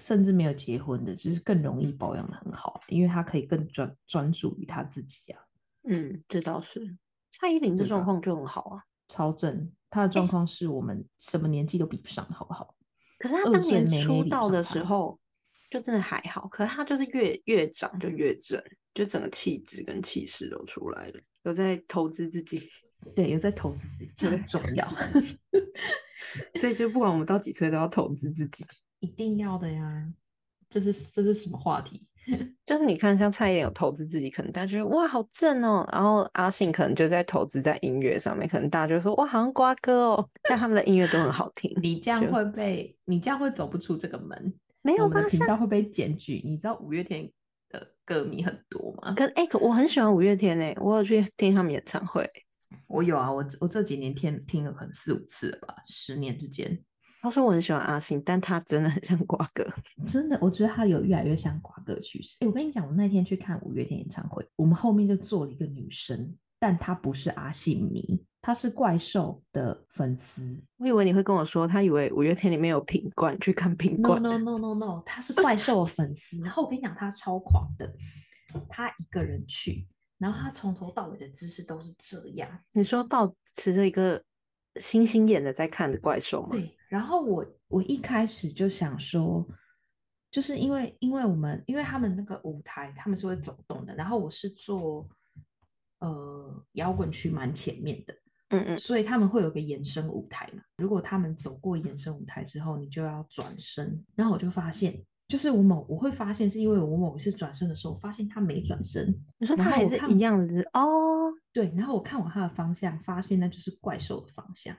甚至沒有結婚的，只、就是更容易保養得很好，因為他可以更專專注於他自己啊。嗯，這倒是。蔡依林的狀況就很好啊，超正。他的狀況是我們什麼年紀都比不上，好不好？可是他當年出道的時候就真的還好，可是他就是越越長就越正，就整個氣質跟氣勢都出來了，有在投資自己。對，有在投資自己，特別重要。 所以就不管我們到幾歲，都要投資自己。一定要的呀！這是這是什麼話題？ 就是你看，像蔡依林有投資自己，可能大家覺得哇，好正哦。然後阿信可能就在投資在音樂上面，可能大家就說哇，好像瓜哥哦。但他們的音樂都很好聽。 你這樣會被， 你這樣會走不出這個門。沒有，我們的頻道會被檢舉。你知道五月天的歌迷很多嗎？可哎、欸，可我很喜歡五月天誒，我有去聽他們演唱會。我有啊，我我這幾年聽聽了可能四五次了吧，十年之間。他說我很喜歡阿信，但他真的很像瓜哥，真的，我覺得他有越來越像瓜哥趨勢。欸，我跟你講，我那天去看五月天演唱會，我們後面就坐了一個女生，但她不是阿信迷，她是怪獸的粉絲。我以為你會跟我說，他以為五月天裡面有品冠，去看品冠。No, no no no no no，他是怪獸的粉絲。 然後我跟你講，他超狂的，他一個人去，然後他從頭到尾的姿勢都是這樣。嗯，你說抱持着一個星星眼的在看的怪獸嗎？對然後我我一開始就想說，就是因為因為我們因為他們那個舞台他們是會走動的，然後我是坐呃搖滾區蠻前面的，嗯嗯，所以他們會有個延伸舞台嘛。如果他們走過延伸舞台之後，你就要轉身。然後我就發現，就是我某我會發現是因為我某一次轉身的時候，發現他沒轉身。你說他還是一樣的哦？對，然後我看往他的方向，發現那就是怪獸的方向。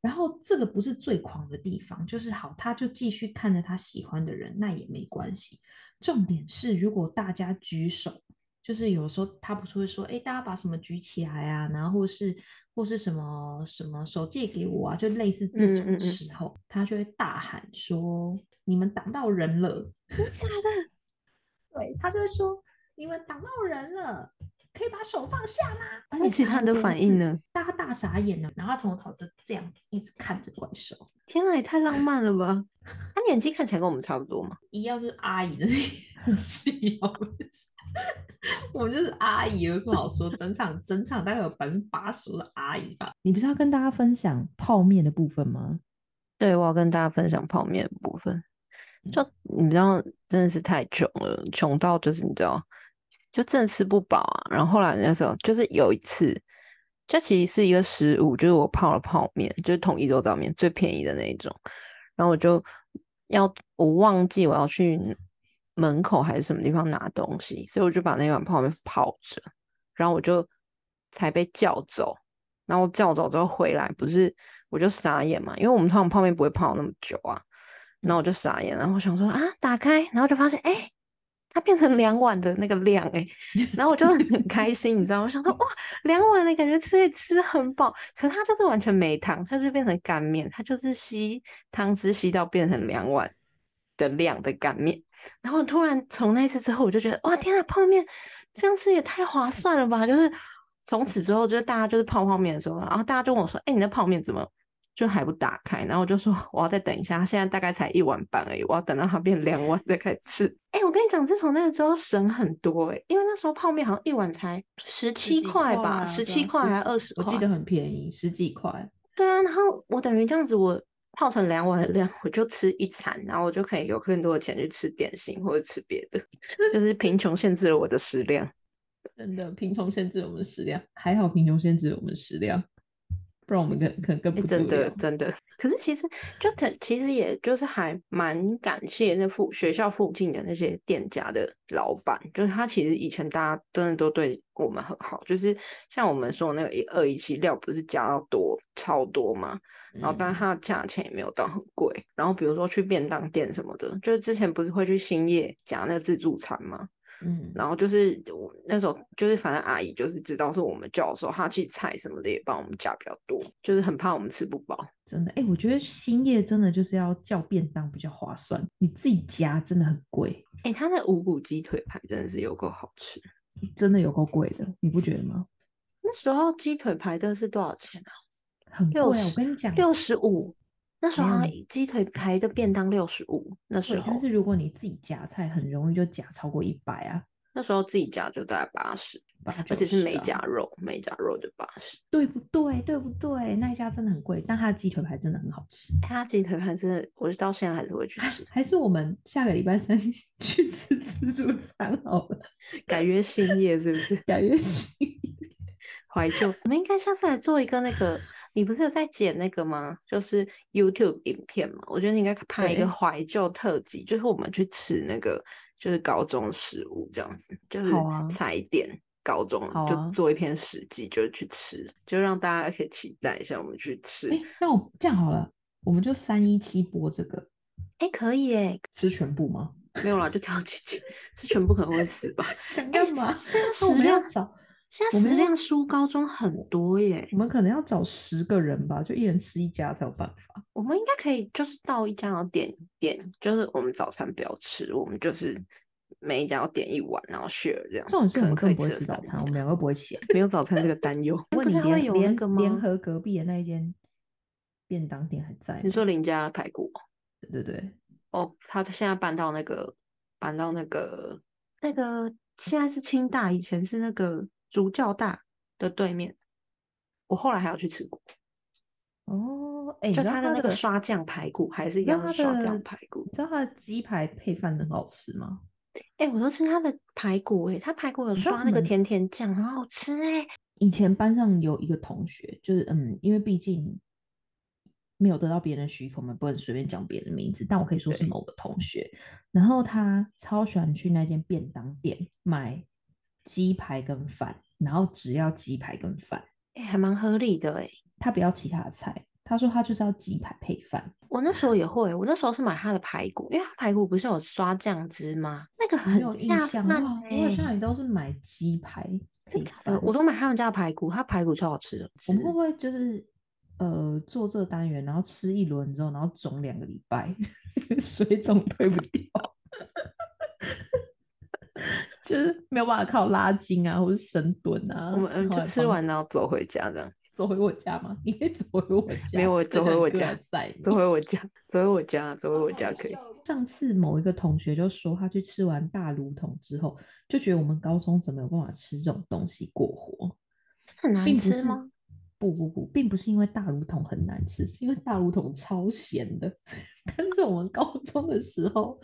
然後這個不是最狂的地方，就是好，他就繼續看着他喜歡的人，那也沒關係。重點是，如果大家舉手，就是有時候他不是會說：“哎，大家把什麼舉起來呀、啊？”然後或是或是什麼什麼手借給我啊，就類似這種時候，嗯嗯，他就會大喊說：“你們擋到人了！”真的假的？對，他就會說：“你們擋到人了。”可以把手放下嗎？而且其他的反應呢？大家大傻眼了，然後從頭就這樣子一直看着怪獸。天哪、啊，也太浪漫了吧！他、 啊、眼睛看起來跟我們差不多嗎？一樣，就是阿姨的年紀。 我們就是阿姨有、就是、什麼好說？整場整場大概有百分之八十的阿姨吧。你不是要跟大家分享泡面的部分嗎？對，我要跟大家分享泡面的部分。就你知道，真的是太窮了，窮到就是你知道。就正吃不飽啊，然後後來那時候就是有一次，這其實是一個失誤，就是我泡了泡麵，就是統一肉燥麵最便宜的那一種，然後我就要我忘記我要去門口還是什麼地方拿東西，所以我就把那碗泡麵泡着，然後我就才被叫走，然後我叫走之後回來不是我就傻眼嘛，因為我們通常泡麵不會泡那麼久啊，然後我就傻眼，然後我想說啊，打開，然後就發現哎。欸它變成兩碗的那個量哎、欸，然後我就很開心， 你知道嗎？我想說哇，兩碗的感覺吃也吃很飽，可是它就是完全沒湯，它就變成乾麵，它就是吸湯汁吸到變成兩碗的量的乾麵。然後突然從那一次之後，我就覺得哇，天啊，泡麵這樣吃也太划算了吧！就是從此之後，就是大家就是泡泡麵的時候，然後大家就問我說：“哎、欸，你那泡麵怎麼？”就還不打開，然後我就說，我要再等一下，他現在大概才一碗半而已，我要等到它變兩碗再開始吃。哎、 欸，我跟你講，自從那個之後省很多、欸，因為那時候泡麵好像一碗才十七塊吧，十七塊、啊、還二十塊？我記得很便宜，十幾塊。對啊，然後我等於這樣子，我泡成兩碗的量，我就吃一餐，然後我就可以有更多的錢去吃點心或者吃別的。 就是貧窮限制了我的食量， 真的貧窮限制了我們食量，還好貧窮限制了我們食量。讓我們跟可能跟,跟不得、欸、真的真的，可是其實就其實也就是還蠻感謝那附學校附近的那些店家的老板，就是他其實以前大家真的都對我們很好，就是像我們說那個217料不是加到多超多嘛、嗯，然後但它的價錢也沒有到很貴，然後比如說去便當店什麼的，就是之前不是會去興業夾那個自助餐嗎嗯，然後就是我那時候就是反正阿姨就是知道說我們叫的時候，她去菜什麼的也幫我們夾比較多，就是很怕我們吃不飽，真的。哎、欸，我覺得新業真的就是要叫便當比較划算，你自己夾真的很貴。哎、欸，他那五股雞腿排真的是有夠好吃，真的有夠貴的，你不覺得嗎？那時候雞腿排真的是多少錢啊？很貴、啊，我跟你講，六十五。那時候雞腿排的便當六十五，那時候。但是如果你自己夾菜，很容易就夾超過一百啊。那時候自己夾就大概八十，而且是沒夾肉，啊、沒夾肉就八十，對不對？對不對？那一家真的很貴，但它的雞腿排真的很好吃。它、哎、雞腿排真的，我是到現在還是會去吃。還是我們下個禮拜三去吃自助餐好了，改約新業是不是？改約新業懷舊。 我們應該下次來做一個那個。你不是有在剪那個嗎？就是 YouTube 影片嘛？我覺得你應該拍一個懷舊特輯，就是我們去吃那個，就是高中食物這樣子，就是踩點、啊、高中，就做一篇食記，就是去吃、啊，就讓大家可以期待一下我們去吃。欸、那我這樣好了，我們就三一七播這個。哎、欸，可以耶。吃全部嗎？沒有啦，就挑幾件。吃全部可能會死吧。 想幹嘛？十六走。現在食量輸高中很多耶，我們可能要找十個人吧，就一人吃一家才有辦法。我們應該可以，就是到一家點點，就是我們早餐不要吃，我們就是每一家要點一碗，然後 share 這樣。這種時候我們可以不吃早餐，我們兩個不會起來，沒有早餐這個擔憂。不是還有那個嗎？聯合隔壁的那一間便當店還在嗎？你說林家排骨？對對對。哦，他現在搬到那個，搬到那個，那個現在是清大，以前是那個。竹教大的對面，我後來還有去吃過。哦，哎、欸，就他的那個刷醬排骨、欸，還是一樣的刷醬排骨。你知道他的雞排配飯很好吃嗎？哎、欸，我都吃他的排骨、欸，哎，他排骨有刷那個甜甜醬，很好吃、欸，哎。以前班上有一個同學，就是嗯，因為畢竟沒有得到別人許可嘛，不能隨便講別人的名字，但我可以說是某個同學。然後他超喜歡去那間便當店買雞排跟飯，然後只要雞排跟飯，哎、欸，還蠻合理的哎、欸。他不要其他的菜，他說他就是要雞排配飯。我那時候也會，我那時候是買他的排骨，因為他排骨不是有刷醬汁嗎？那個很、欸、有印象、欸。我好像也都是買雞排配飯，我都買他們家的排骨，他排骨超好吃的。吃我們會不會就是呃做這個單元，然後吃一輪之後，然後腫兩個禮拜， 水腫退不掉。 就是沒有辦法靠拉筋啊，或是深蹲啊。我們就吃完然後走回家，這樣走回我家嗎？你可以走回我家。沒有，我走回我家，在，在走回我家，走回我家，走回我家可以。上次某一個同學就說，他去吃完大滷桶之後，就覺得我們高中怎麼有辦法吃這種東西過活？很難吃嗎？不不不，並不是因為大滷桶很難吃，是因為大滷桶超鹹的。 但是我們高中的時候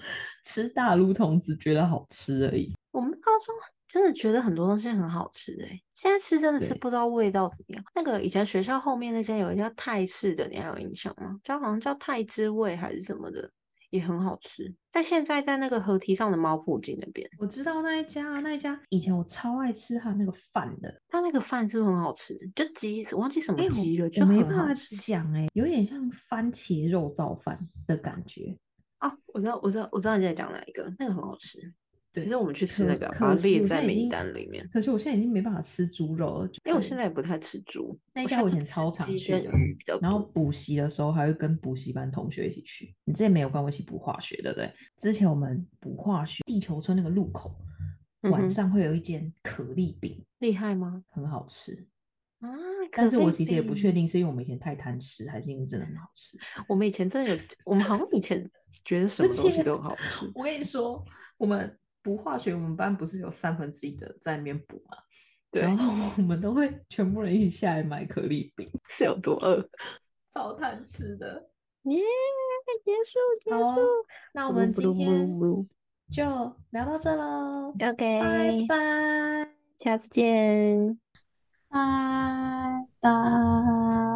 吃大滷桶只覺得好吃而已。我們高中真的覺得很多東西很好吃哎、欸，現在吃真的是不知道味道怎麼樣。那個以前學校後面那些有一家泰式的，你還有印象嗎？叫好像叫泰之味還是什麼的，也很好吃。在現在在那個河堤上的貓附近那邊，我知道那一家，那一家以前我超愛吃它那個飯的，他那個飯是不是很好吃，就雞忘記什麼雞了，欸、就沒辦法想。哎，有點像番茄肉燥飯的感覺啊！我知道，我知道，我知道你在講哪一個，那個很好吃。可是我們去吃那個，可、可是我現在美單裡面已經，可是我現在已經沒辦法吃豬肉了，因為我現在也不太吃豬。那家我以前超常去的，我現在就吃雞跟魚比較多。然後補習的時候還會跟補習班同學一起去。你之前沒有跟我一起補化學的，對不對？之前我們補化學，地球村那個路口、嗯、晚上會有一間可麗餅，厲害嗎？很好吃可、啊、但是我其實也不確定，是因為我們以前太貪吃，還是因為真的很好吃？我們以前真的有， 我們好像以前覺得什麼東西都好吃。我跟你說，我們。補化學，我們班不是有三分之一的在裡面補嗎？對，然後我們都會全部人一起下來買可麗餅，是有多餓，超貪吃的耶、嗯！結束，結束，那我們今天就聊到這嘍。OK，拜拜，下次見，拜拜。